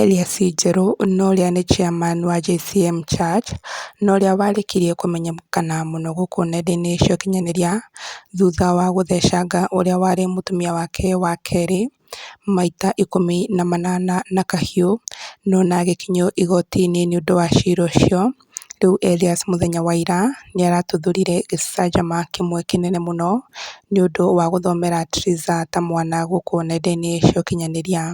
Elias Njerũ na ũrĩa nĩ chairman wa JCM Church na ũrĩa warĩkirie kũmenyekana mũno gũkũ nenda-inĩ cia ũkinyanĩria thutha wa gũthecanga ũrĩa warĩ mũtumia wake wa kerĩ maita ikũmi na manana na kahiũ no ona agĩkinyio igoti-inĩ nĩũndũ wa ciira ũcio rĩu Elias mũthenya wa ira nĩaratũthurire gĩcanjama kĩmwe kĩnene mũno nĩũndũ wa gũthomera Theresa ta mwana gũkũ nenda-inĩ cia ũkinyanĩria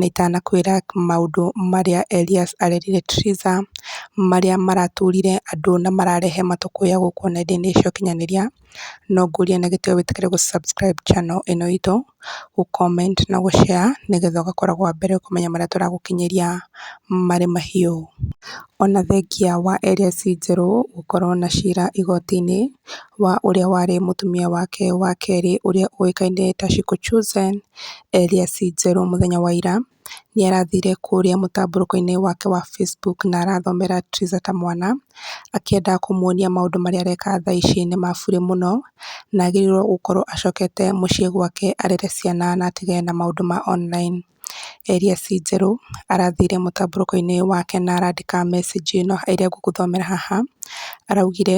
na itanakwĩra maũndũ marĩa Elias arerire Theresa marĩa maraturire andũ na mararehe matũkũya gũkũ nenda-inĩ cia ũkinyanĩria, no ngũrie na gĩtĩo wĩtĩkĩre gũ subscribe channel ĩno itũ gũ comment na gũ share nĩgetha ũgakoragwo wa mbere kũmenya marĩa tũragũkinyĩria marĩ mahiũ. Ona thengia wa Elias Njerũ gũkorwo na ciira igoti inĩ wa ũrĩa warĩ mũtumia wake wa kerĩ ũrĩa ũĩkaine ta Shiko Chuzen, Elias Njerũ mũthenya wa ira arathire kũrĩa mũtambũrũko-inĩ wake wa Facebook na arathomera Triza ta mwana, akĩenda kũmuonia maũndũ marĩa areka thaa ici nĩ ma burĩ mũno, na agĩrĩirwo gũkorwo acokete mũciĩ gwake arere ciana na atigane na maũndũ ma online. Elias Njerũ arathire mũtambũrũko-inĩ wake na arandĩka mecĩnji ĩno ĩrĩa ngũgũthomera haha, araugire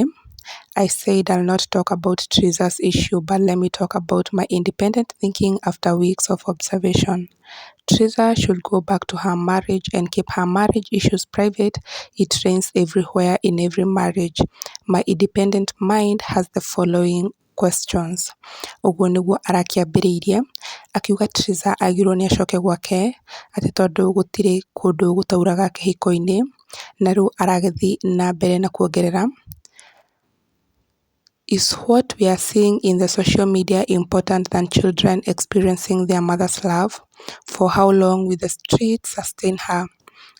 I said I'll not talk about Teresa's issue but let me talk about my independent thinking after weeks of observation. Teresa should go back to her marriage and keep her marriage issues private. It rains everywhere in every marriage. My independent mind has the following questions uguo niguo arakiambĩrĩirie akiuga Teresa agirwo nĩ acoke gwake atĩ tondũ gũtirĩ kũndũ gũtauraga kĩhiko-inĩ na rĩu aragethi na mbere na kuongerera Is what we are seeing in the social media important than children experiencing their mother's love? For how long will the street sustain her?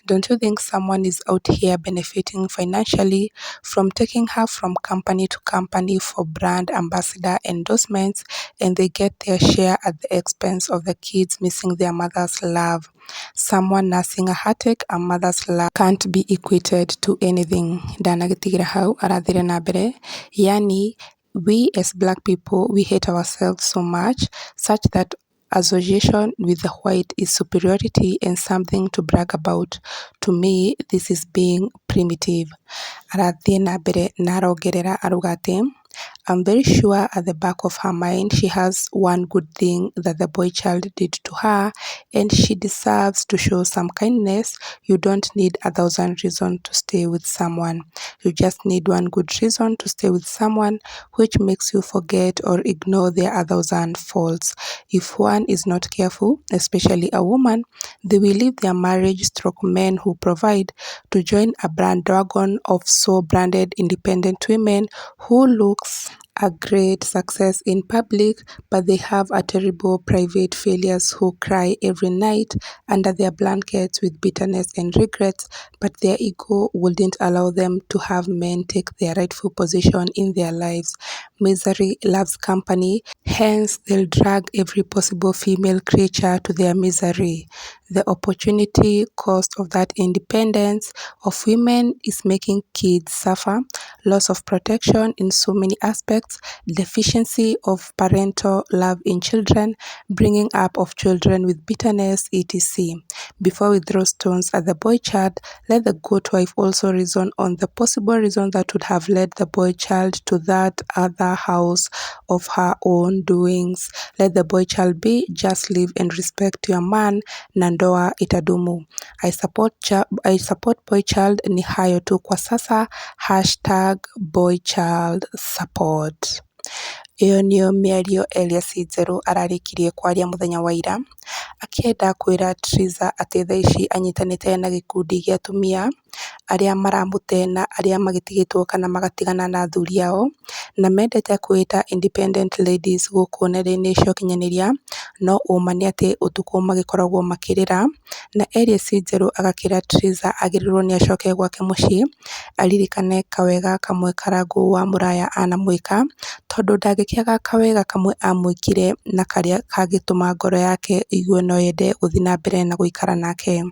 Don't you think someone is out here benefiting financially from taking her from company to company for brand ambassador endorsements and they get their share at the expense of the kids missing their mother's love? Someone nursing a heartache, a mother's love can't be equated to anything. Danagitigira hau arathire na yani we as black people we hate ourselves so much such that association with the white is superiority and something to brag about. To me, this is being primitive. Arathiĩ na mbere na arongerera aruga atĩ I'm very sure at the back of her mind she has one good thing that the boy child did to her and she deserves to show some kindness. You don't need a thousand reasons to stay with someone. You just need one good reason to stay with someone which makes you forget or ignore their a thousand faults. If one is not careful, especially a woman, they will leave their marriage stroke men who provide to join a brand wagon of so branded independent women who look a great success in public but they have a terrible private failures who cry every night under their blankets with bitterness and regrets but their ego wouldn't allow them to have men take their rightful position in their lives. misery loves company, hence they'll drag every possible female creature to their misery. The opportunity cost of that independence of women is making kids suffer, loss of protection in so many aspects, deficiency of parental love in children, bringing up of children with bitterness, etc. Before we throw stones at the boy child, let the goat wife also reason on the possible reason that would have led the boy child to that other her house of her own doings. Let the boy child be, just live and respect your man na ndoa itadumu. I support, I support boy child. Ni hayo tu kwa sasa, hashtag boy child support. Iyo niyo mĩario Elias Njeru ararĩkirie kwaria mũthenya wa ira, akĩenda kwĩra Triza atĩ thaici anyitanĩte na gĩkundi gĩa atumia arĩa maramũte na arĩa magĩtigĩtwo kana magatigana na athuri ao, na mendete kwĩĩta independent ladies gũkũ nenda-inĩ cia ũkinyanĩria, no ũma nĩ atĩ ũtukũ magĩkoragwo makĩrĩra, na Alice Njerũ agakĩra Triza agĩrĩirwo nĩ acoke gwake mũciĩ, aririkane kawega kamwe Karangũ wa mũraya anamwĩka, tondũ ndangĩkĩaga kawega kamwe amwĩkire na karĩa kangĩtũma ngoro yake ĩigue no yende gũthiĩ na mbere na gũikara nake.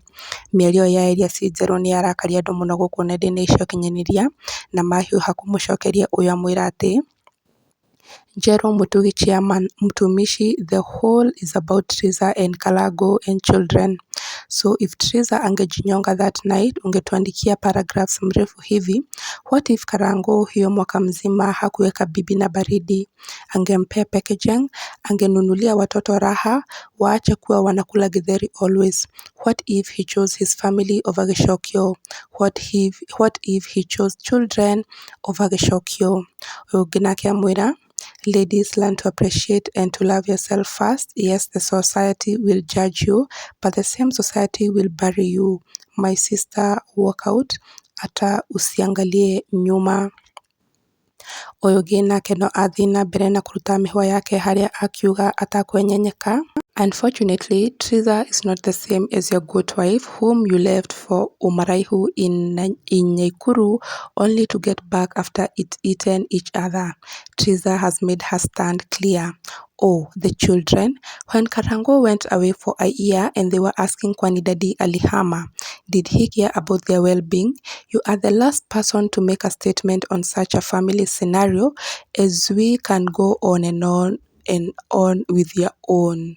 Mĩario ya Alice Njerũ nĩ yarakaririe harĩ andũ mũno gũkũ nenda-inĩ cia ũkinyanĩria, na mahiũha kũmũcokeria ũyũ amwĩra atĩ, Njerũ Mũtugi Chairman, Mtumishi The whole is about Lisa and Kalago and children. So if Teresa angejinyonga that night, ungetuandikia paragraphs mrefu hivi. What if Karango hiyo mwaka mzima hakuweka bibi na baridi? Angempea packaging, angenunulia watoto raha, waache kuwa wanakula githeri always. What if he chose his family over Geshokyo? What if, what if he chose children over Geshokyo? Ginake mwira. Ladies, learn to appreciate and to love yourself first. Yes, the society will judge you, but the same society will bury you. My sister, walk out. Hata usiangalie nyuma Oyũ ũngĩ nake no athiĩ na mbere na kũruta mĩhwa yake harĩa akiuga atakwenyenyeka Unfortunately, Triza is not the same as your good wife, whom you left for Umaraihu in, in Nyaikuru only to get back after it eaten each other. Triza has made her stand clear. Oh, the children. When Karango went away for a year and they were asking Kwani Daddy Alihama, did he care about their well-being? You are the last person to make a statement on such a family scenario as we can go on and on and on with your own.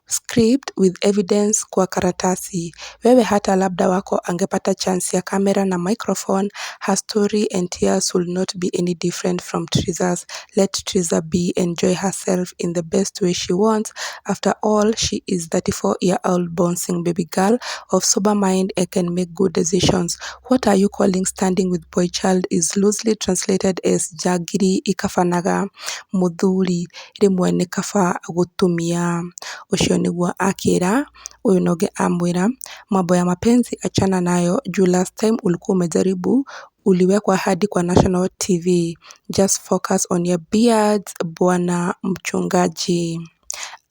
script with evidence kwa karatasi. Wewe hata labda wako angepata chance ya kamera na microphone, her story and tears will not be any different from Triza's. Let Triza be enjoy herself in the best way she wants. After all, she is 34-year-old bouncing baby girl of sober mind and can make good decisions. What are you calling standing with boy child is loosely translated as jagiri ikabanaga muthuri rimwe ni kaba gutumia ucio nĩguo akĩĩra huyu Noge amwĩra mambo ya mapenzi achana nayo juu last time ulikuwa umejaribu uliwekwa hadi kwa national TV just focus on your beards bwana mchungaji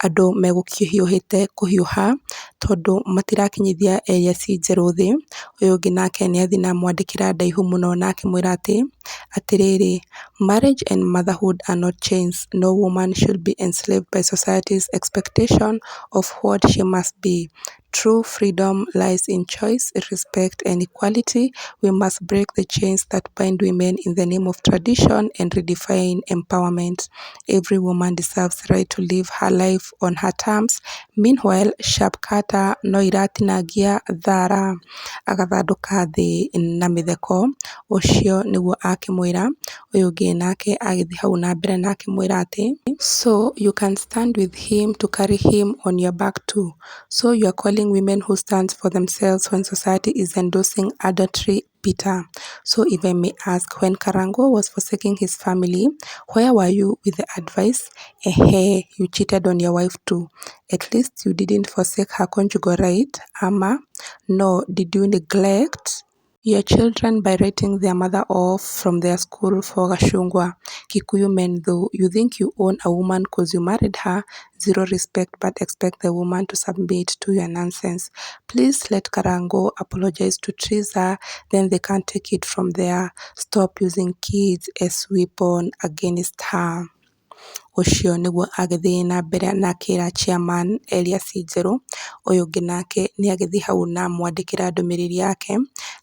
andũ megũkihiũhĩte kũhiũha tondũ matirakinyithia ci njerũ thĩ. Ũyũ ũngĩ nake athiĩ na amwandĩkĩra ndaihu mũno na akĩmwĩra atĩ, atĩrĩrĩ, marriage and motherhood are not chains. No woman should be enslaved by society's expectation of what she must be. True freedom lies in choice, respect and equality. We must break the chains that bind women in the name of tradition and redefine empowerment. Every woman deserves the right to live her life on her terms. Meanwhile, sharp Carter no ĩratinangia thara agathandũka thĩ na mĩtheko," ũcio nĩguo akĩmwĩra, ũyũ ũngĩ nake agithi hau na mbere na akĩmwĩra atĩ, "So you can stand with him to carry him on your back too, so you are calling women who stands for themselves when society is endorsing adultery Peter. So if i may ask when Karango was forsaking his family, where were you with the advice? Ehe, you cheated on your wife too. At least you didn't forsake her conjugal right. Ama, no, did you neglect your children by writing their mother off from their school for Gashungwa. Kikuyu men though, you think you own a woman cause you married her, zero respect but expect the woman to submit to your nonsense. Please let Karango apologize to Triza, then they can't take it from there. Stop using kids as weapon against her ũcio nĩguo agĩthiĩ na mbere na akĩĩra Chairman Elias Njerũ, ũyũ ũngĩ nake nĩagĩthiĩ hau na amwandĩkĩra ndũmĩrĩri yake,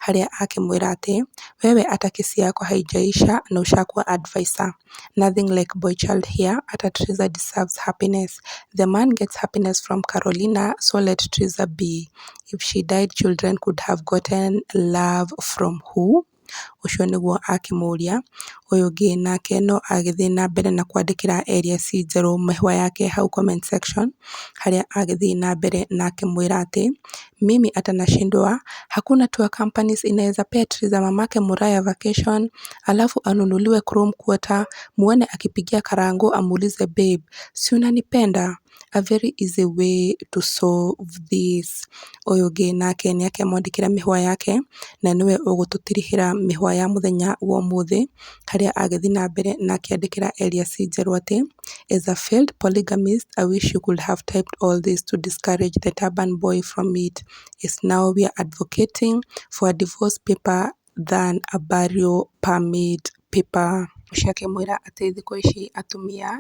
harĩa akĩmwĩra atĩ, wewe atakisia yako haijaisha na ushakuwa adviser. Nothing like boy child here ata Triza deserves happiness. The man gets happiness from Carolina so let Triza be. If she died children could have gotten love from who? Ũcio nĩguo akĩmũũria. Ũyũ ũngĩ nake no agĩthiĩ na mbere na kwandĩkĩra areas njerũ mĩhwa yake hau comment section harĩa agĩthiĩ na mbere na akĩmwĩra atĩ mimi hata nashindwa hakuna tour companies inaweza pea tizama mamake Muraya vacation alafu anunuliwe chrome quarter muone akipigia Karangu amuulize babe si unanipenda a very easy way to solve this oyoge ũngĩ nake nĩ akĩamwandĩkĩra mihwa yake na niwe ũgũtũtirihĩra mihwa ya muthenya wo muthe harĩa agĩthiĩ na mbere na kiandikira elia Njerũ atĩ as a failed polygamist I wish you could have typed all this to discourage the turban boy from it is now we are advocating for a divorce paper than a burial permit paper ũcio akĩmwĩra atĩ thikũ ici atumia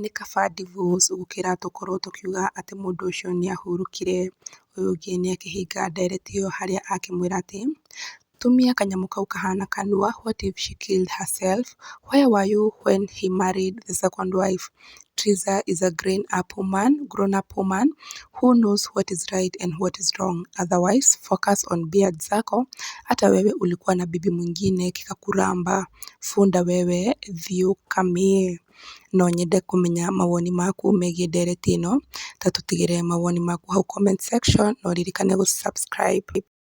nĩ kaba divorce gũkĩra tũkorwo tũkiuga atĩ mũndũ ũcio nĩ ahurũkire. Ũyũ ũngĩ nĩ akĩhinga ndereti ĩyo harĩa akĩmwĩra atĩ Tumia kanyamu kau kahana kanua What if she killed herself? Where were you when he married the second wife? Triza is a grown-up woman grown up woman who knows what is right and what is wrong. Otherwise, focus on beard zako. Hata wewe ulikuwa na bibi mwingine kikakuramba. Funda wewe kamie. No nyende kũmenya mawoni maku megiĩ ndereti ĩno. Ta tũtigĩre mawoni maku hau comment section na ũririkane gũsubscribe